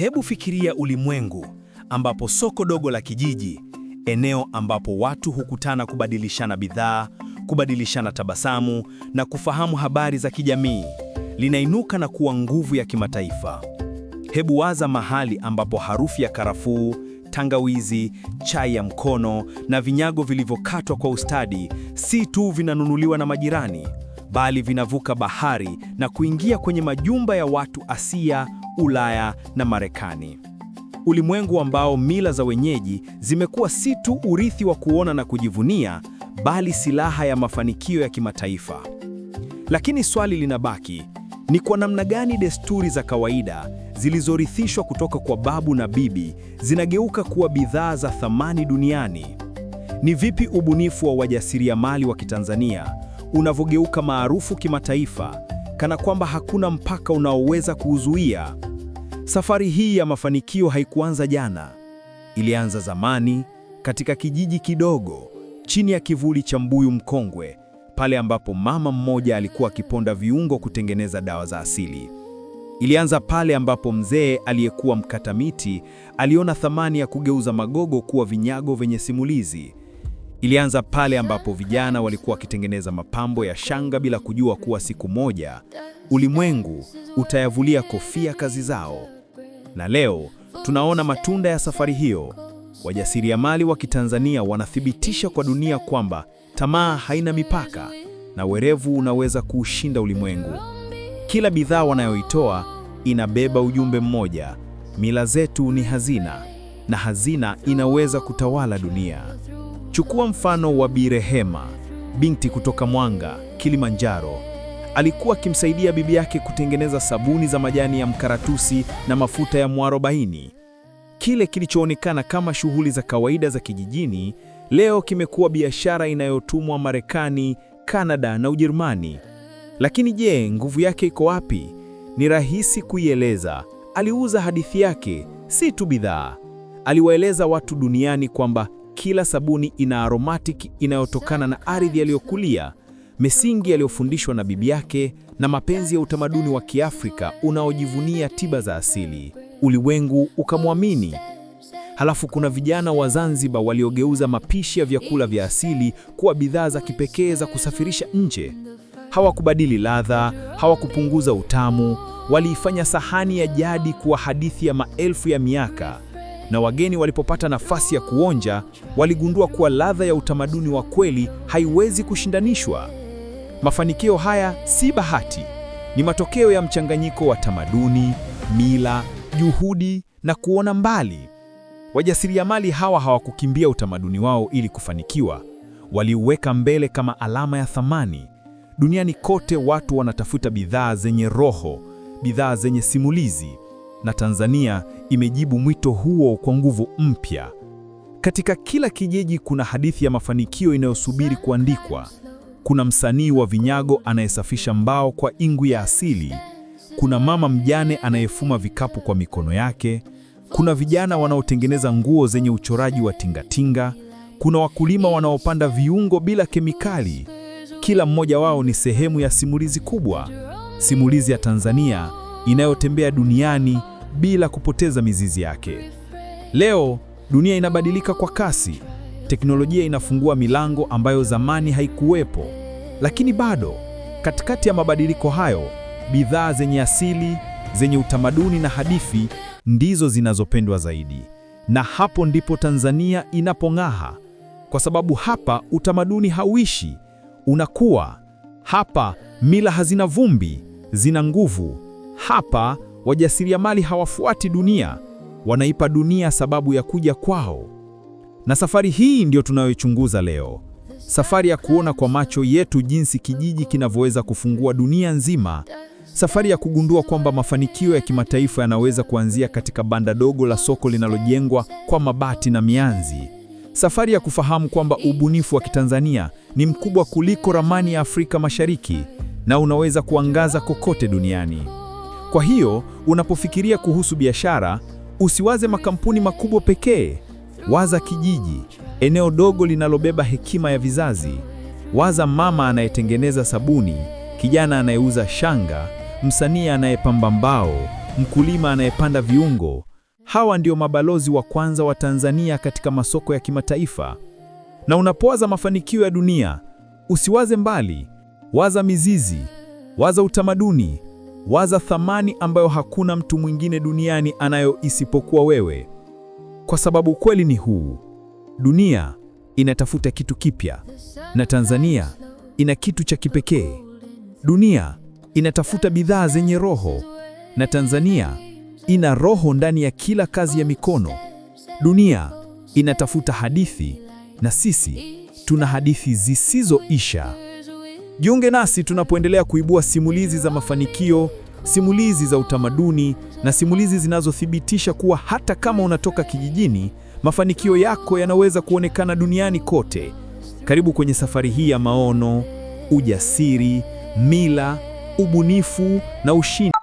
Hebu fikiria ulimwengu ambapo soko dogo la kijiji, eneo ambapo watu hukutana kubadilishana bidhaa, kubadilishana tabasamu na kufahamu habari za kijamii, linainuka na kuwa nguvu ya kimataifa. Hebu waza mahali ambapo harufu ya karafuu, tangawizi, chai ya mkono na vinyago vilivyokatwa kwa ustadi si tu vinanunuliwa na majirani, bali vinavuka bahari na kuingia kwenye majumba ya watu Asia Ulaya na Marekani, ulimwengu ambao mila za wenyeji zimekuwa si tu urithi wa kuona na kujivunia, bali silaha ya mafanikio ya kimataifa. Lakini swali linabaki, ni kwa namna gani desturi za kawaida zilizorithishwa kutoka kwa babu na bibi zinageuka kuwa bidhaa za thamani duniani? Ni vipi ubunifu wa wajasiriamali wa Kitanzania unavyogeuka maarufu kimataifa, kana kwamba hakuna mpaka unaoweza kuuzuia? Safari hii ya mafanikio haikuanza jana. Ilianza zamani, katika kijiji kidogo, chini ya kivuli cha mbuyu mkongwe, pale ambapo mama mmoja alikuwa akiponda viungo kutengeneza dawa za asili. Ilianza pale ambapo mzee aliyekuwa mkata miti aliona thamani ya kugeuza magogo kuwa vinyago vyenye simulizi. Ilianza pale ambapo vijana walikuwa wakitengeneza mapambo ya shanga bila kujua kuwa siku moja ulimwengu utayavulia kofia kazi zao. Na leo tunaona matunda ya safari hiyo. Wajasiriamali wa Kitanzania wanathibitisha kwa dunia kwamba tamaa haina mipaka na werevu unaweza kuushinda ulimwengu. Kila bidhaa wanayoitoa inabeba ujumbe mmoja: mila zetu ni hazina, na hazina inaweza kutawala dunia. Chukua mfano wa Bi Rehema, binti kutoka Mwanga, Kilimanjaro Alikuwa akimsaidia bibi yake kutengeneza sabuni za majani ya mkaratusi na mafuta ya mwarobaini. Kile kilichoonekana kama shughuli za kawaida za kijijini leo kimekuwa biashara inayotumwa Marekani, Kanada na Ujerumani. Lakini je, nguvu yake iko wapi? Ni rahisi kuieleza. Aliuza hadithi yake, si tu bidhaa. Aliwaeleza watu duniani kwamba kila sabuni ina aromatic inayotokana na ardhi aliyokulia, misingi aliyofundishwa na bibi yake na mapenzi ya utamaduni wa Kiafrika unaojivunia tiba za asili. Ulimwengu ukamwamini. Halafu kuna vijana wa Zanzibar waliogeuza mapishi ya vyakula vya asili kuwa bidhaa za kipekee za kusafirisha nje. Hawakubadili ladha, hawakupunguza utamu, waliifanya sahani ya jadi kuwa hadithi ya maelfu ya miaka. Na wageni walipopata nafasi ya kuonja, waligundua kuwa ladha ya utamaduni wa kweli haiwezi kushindanishwa. Mafanikio haya si bahati, ni matokeo ya mchanganyiko wa tamaduni, mila, juhudi na kuona mbali. Wajasiriamali hawa hawakukimbia utamaduni wao ili kufanikiwa, waliuweka mbele kama alama ya thamani. Duniani kote watu wanatafuta bidhaa zenye roho, bidhaa zenye simulizi, na Tanzania imejibu mwito huo kwa nguvu mpya. Katika kila kijiji kuna hadithi ya mafanikio inayosubiri kuandikwa. Kuna msanii wa vinyago anayesafisha mbao kwa ingu ya asili. Kuna mama mjane anayefuma vikapu kwa mikono yake. Kuna vijana wanaotengeneza nguo zenye uchoraji wa tingatinga. Kuna wakulima wanaopanda viungo bila kemikali. Kila mmoja wao ni sehemu ya simulizi kubwa, simulizi ya Tanzania inayotembea duniani bila kupoteza mizizi yake. Leo dunia inabadilika kwa kasi. Teknolojia inafungua milango ambayo zamani haikuwepo. Lakini bado katikati ya mabadiliko hayo, bidhaa zenye asili, zenye utamaduni na hadithi ndizo zinazopendwa zaidi. Na hapo ndipo Tanzania inapong'aha, kwa sababu hapa utamaduni hauishi, unakuwa. Hapa mila hazina vumbi, zina nguvu. Hapa wajasiriamali hawafuati dunia, wanaipa dunia sababu ya kuja kwao. Na safari hii ndiyo tunayoichunguza leo safari ya kuona kwa macho yetu jinsi kijiji kinavyoweza kufungua dunia nzima, safari ya kugundua kwamba mafanikio ya kimataifa yanaweza kuanzia katika banda dogo la soko linalojengwa kwa mabati na mianzi, safari ya kufahamu kwamba ubunifu wa Kitanzania ni mkubwa kuliko ramani ya Afrika Mashariki na unaweza kuangaza kokote duniani. Kwa hiyo unapofikiria kuhusu biashara, usiwaze makampuni makubwa pekee, waza kijiji eneo dogo linalobeba hekima ya vizazi. Waza mama anayetengeneza sabuni, kijana anayeuza shanga, msanii anayepamba mbao, mkulima anayepanda viungo. Hawa ndio mabalozi wa kwanza wa Tanzania katika masoko ya kimataifa. Na unapowaza mafanikio ya dunia, usiwaze mbali, waza mizizi, waza utamaduni, waza thamani ambayo hakuna mtu mwingine duniani anayo isipokuwa wewe. Kwa sababu kweli ni huu. Dunia inatafuta kitu kipya na Tanzania ina kitu cha kipekee. Dunia inatafuta bidhaa zenye roho na Tanzania ina roho ndani ya kila kazi ya mikono. Dunia inatafuta hadithi na sisi tuna hadithi zisizoisha. Jiunge nasi tunapoendelea kuibua simulizi za mafanikio, simulizi za utamaduni na simulizi zinazothibitisha kuwa hata kama unatoka kijijini Mafanikio yako yanaweza kuonekana duniani kote. Karibu kwenye safari hii ya maono, ujasiri, mila, ubunifu na ushindi.